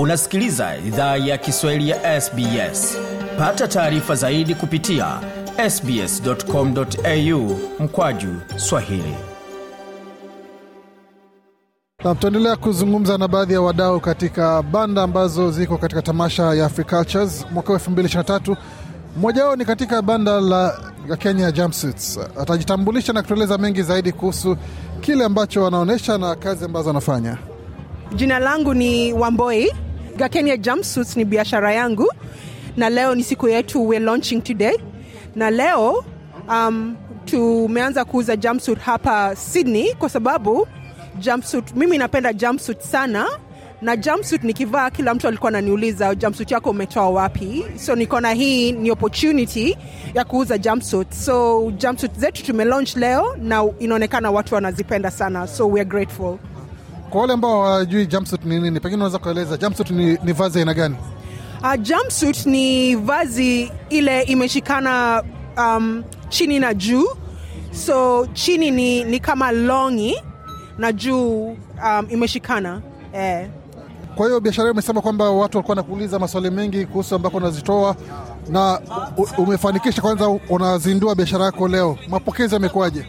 unasikiliza idhaa ya kiswahili ya sbs pata taarifa zaidi kupitia sbscomau mkwaju swahili na tutaendelea kuzungumza na baadhi ya wadau katika banda ambazo ziko katika tamasha ya Africultures mwaka 223 mmoja wao ni katika banda la Kenya Jumpsuits. Atajitambulisha na kutueleza mengi zaidi kuhusu kile ambacho wanaonyesha na kazi ambazo wanafanya. Jina langu ni Wamboi Gakenia Jumpsuits ni biashara yangu, na leo ni siku yetu, we launching today, na leo um, tumeanza kuuza jumpsuit hapa Sydney kwa sababu jumpsuit, mimi napenda jumpsuit sana na jumpsuit nikivaa, kila mtu alikuwa ananiuliza jumpsuit yako umetoa wapi? So niko na hii ni opportunity ya kuuza jumpsuit. So jumpsuit zetu tumelaunch leo na inaonekana watu wanazipenda sana, so we are grateful. Kwa wale ambao hawajui jumpsuit ni nini, pengine unaweza kueleza jumpsuit ni, ni vazi aina gani? Uh, jumpsuit ni vazi ile imeshikana um, chini na juu, so chini ni, ni kama longi na juu um, imeshikana eh. Kwa hiyo biashara imesema kwamba watu walikuwa wanakuuliza maswali mengi kuhusu ambako unazitoa na umefanikisha. Kwanza unazindua biashara yako leo, mapokezi yamekuwaje?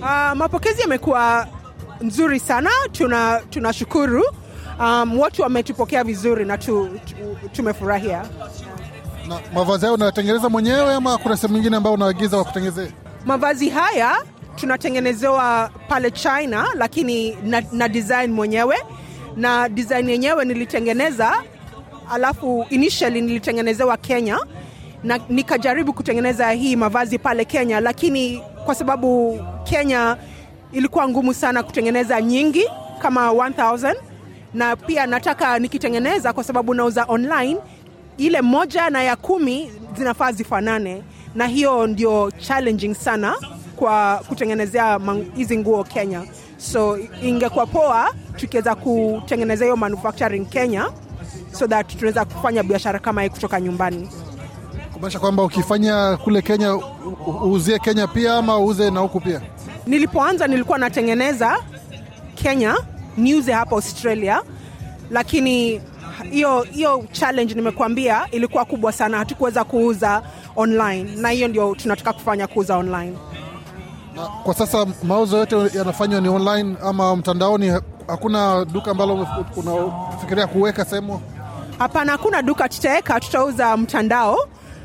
Uh, mapokezi yamekuwa nzuri sana, tunashukuru tuna um, watu wametupokea vizuri na tu, tu, tumefurahia. Na mavazi hayo unatengeneza mwenyewe ama kuna sehemu nyingine ambayo unaagiza wakutengenezee? Mavazi haya tunatengenezewa pale China, lakini na, na design mwenyewe na design yenyewe nilitengeneza, alafu initially nilitengenezewa Kenya na nikajaribu kutengeneza hii mavazi pale Kenya, lakini kwa sababu Kenya ilikuwa ngumu sana kutengeneza nyingi kama 1000 na pia nataka nikitengeneza kwa sababu nauza online ile moja na ya kumi zinafaa zifanane na hiyo ndio challenging sana kwa kutengenezea hizi nguo kenya so ingekuwa poa tukiweza kutengeneza hiyo manufacturing kenya so that tunaweza kufanya biashara kama hii kutoka nyumbani kumaanisha kwamba ukifanya kule kenya uuzie kenya pia ama uuze na huku pia Nilipoanza nilikuwa natengeneza Kenya, niuze hapa Australia, lakini hiyo hiyo challenge nimekuambia ilikuwa kubwa sana, hatukuweza kuuza online, na hiyo ndio tunataka kufanya, kuuza online. Na kwa sasa mauzo yote yanafanywa ni online ama mtandaoni? Hakuna duka ambalo unafikiria kuweka sehemu? Hapana, hakuna duka tutaweka, tutauza mtandao,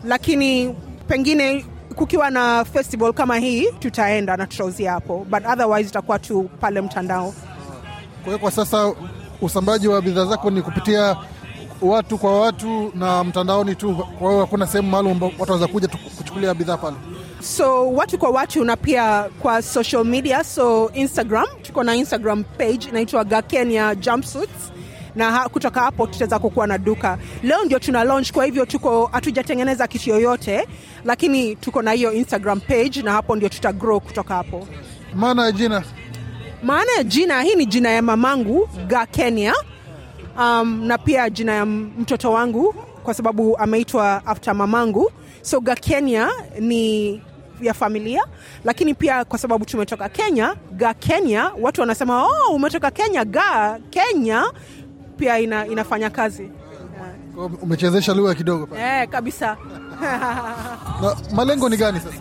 lakini pengine kukiwa na festival kama hii tutaenda na tutauzia hapo, but otherwise itakuwa tu pale mtandao. Kwa hiyo kwa sasa usambaji wa bidhaa zako ni kupitia watu kwa watu na mtandaoni tu, kwa hiyo hakuna sehemu maalum watu waweza kuja kuchukulia bidhaa pale so watu kwa watu na pia kwa social media so instagram tuko na instagram page inaitwa gakenya jumpsuits na kutoka hapo tutaweza kukuwa na duka. Leo ndio tuna launch, kwa hivyo tuko hatujatengeneza kitu yoyote, lakini tuko na hiyo Instagram page na hapo ndio tuta grow kutoka hapo. Maana ya jina, maana ya jina hii ni jina ya mamangu Ga Kenya, um, na pia jina ya mtoto wangu kwa sababu ameitwa after mamangu, so Ga Kenya ni ya familia, lakini pia kwa sababu tumetoka Kenya, Ga Kenya, watu wanasema oh, umetoka Kenya, Ga Kenya pia ina, inafanya kazi yeah. Umechezesha lugha kidogo pale yeah, kabisa na malengo ni gani sasa?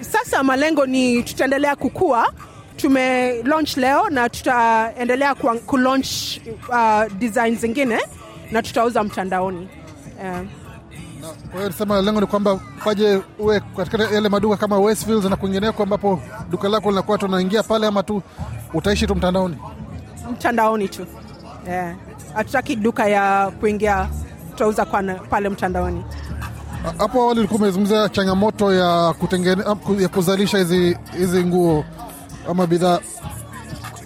Sasa malengo ni tutaendelea kukua tume launch leo na tutaendelea kulaunch uh, design zingine na tutauza mtandaoni yeah. Kwa hiyo sema lengo ni kwamba paje uwe katika yale maduka kama Westfields na kwingineko ambapo duka lako linakuwa tunaingia pale, ama tu utaishi tu mtandaoni? Mtandaoni tu. Eh, hatutaki yeah, duka ya kuingia tutauza pale mtandaoni. Hapo awali likua umezungumzia changamoto ya, ya kuzalisha hizi hizi nguo ama bidhaa.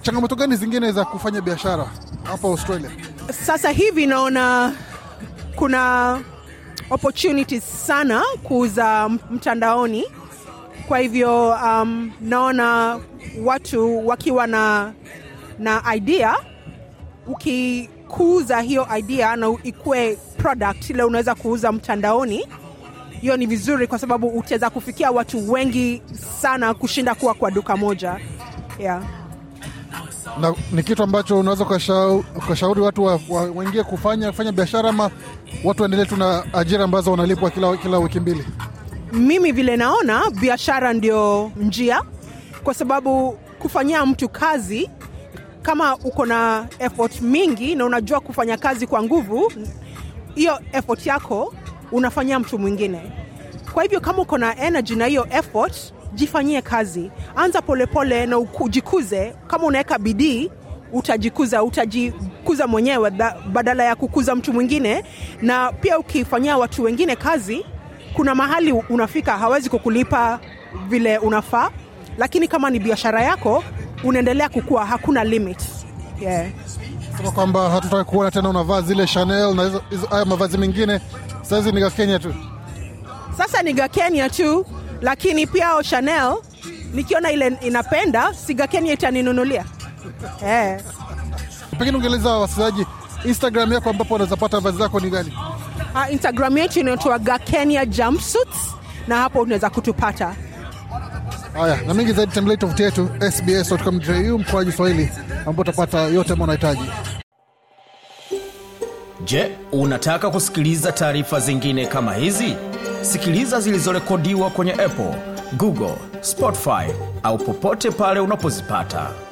Changamoto gani zingine za kufanya biashara hapa Australia? Sasa hivi naona kuna opportunities sana kuuza mtandaoni, kwa hivyo um, naona watu wakiwa na, na idea ukikuuza hiyo idea na ikuwe product ile unaweza kuuza mtandaoni hiyo ni vizuri kwa sababu utaweza kufikia watu wengi sana kushinda kuwa kwa duka moja yeah. na ni kitu ambacho unaweza ukashauri watu wa, wa, kufanya kufanya biashara ama watu waendelee tu na ajira ambazo wanalipwa kila, kila wiki mbili mimi vile naona biashara ndio njia kwa sababu kufanyia mtu kazi kama uko na effort mingi na unajua kufanya kazi kwa nguvu, hiyo effort yako unafanyia mtu mwingine. Kwa hivyo kama uko na energy na hiyo effort, jifanyie kazi, anza polepole pole na ujikuze. Kama unaweka bidii utajikuza, utajikuza mwenyewe badala ya kukuza mtu mwingine. Na pia ukifanyia watu wengine kazi, kuna mahali unafika, hawezi kukulipa vile unafaa, lakini kama ni biashara yako unaendelea kukua, hakuna limit yeah. kwamba hatutaki kuona tena unavaa zile Chanel na hayo mavazi mengine, sahizi ni Kenya tu, sasa ni kenya tu, lakini pia Chanel nikiona ile inapenda Kenya itaninunulia yeah. Pengine ungeleza wasikilizaji Instagram yako ambapo wanaweza pata vazi zako ni gani? Uh, Instagram yetu inaitwa Gakenya Jumpsuits na hapo unaweza kutupata. Haya na mengi zaidi, tembelea tovuti yetu sbs.com.au mkoaji Swahili, ambapo utapata yote ambayo unahitaji. Je, unataka kusikiliza taarifa zingine kama hizi? Sikiliza zilizorekodiwa kwenye Apple, Google, Spotify au popote pale unapozipata.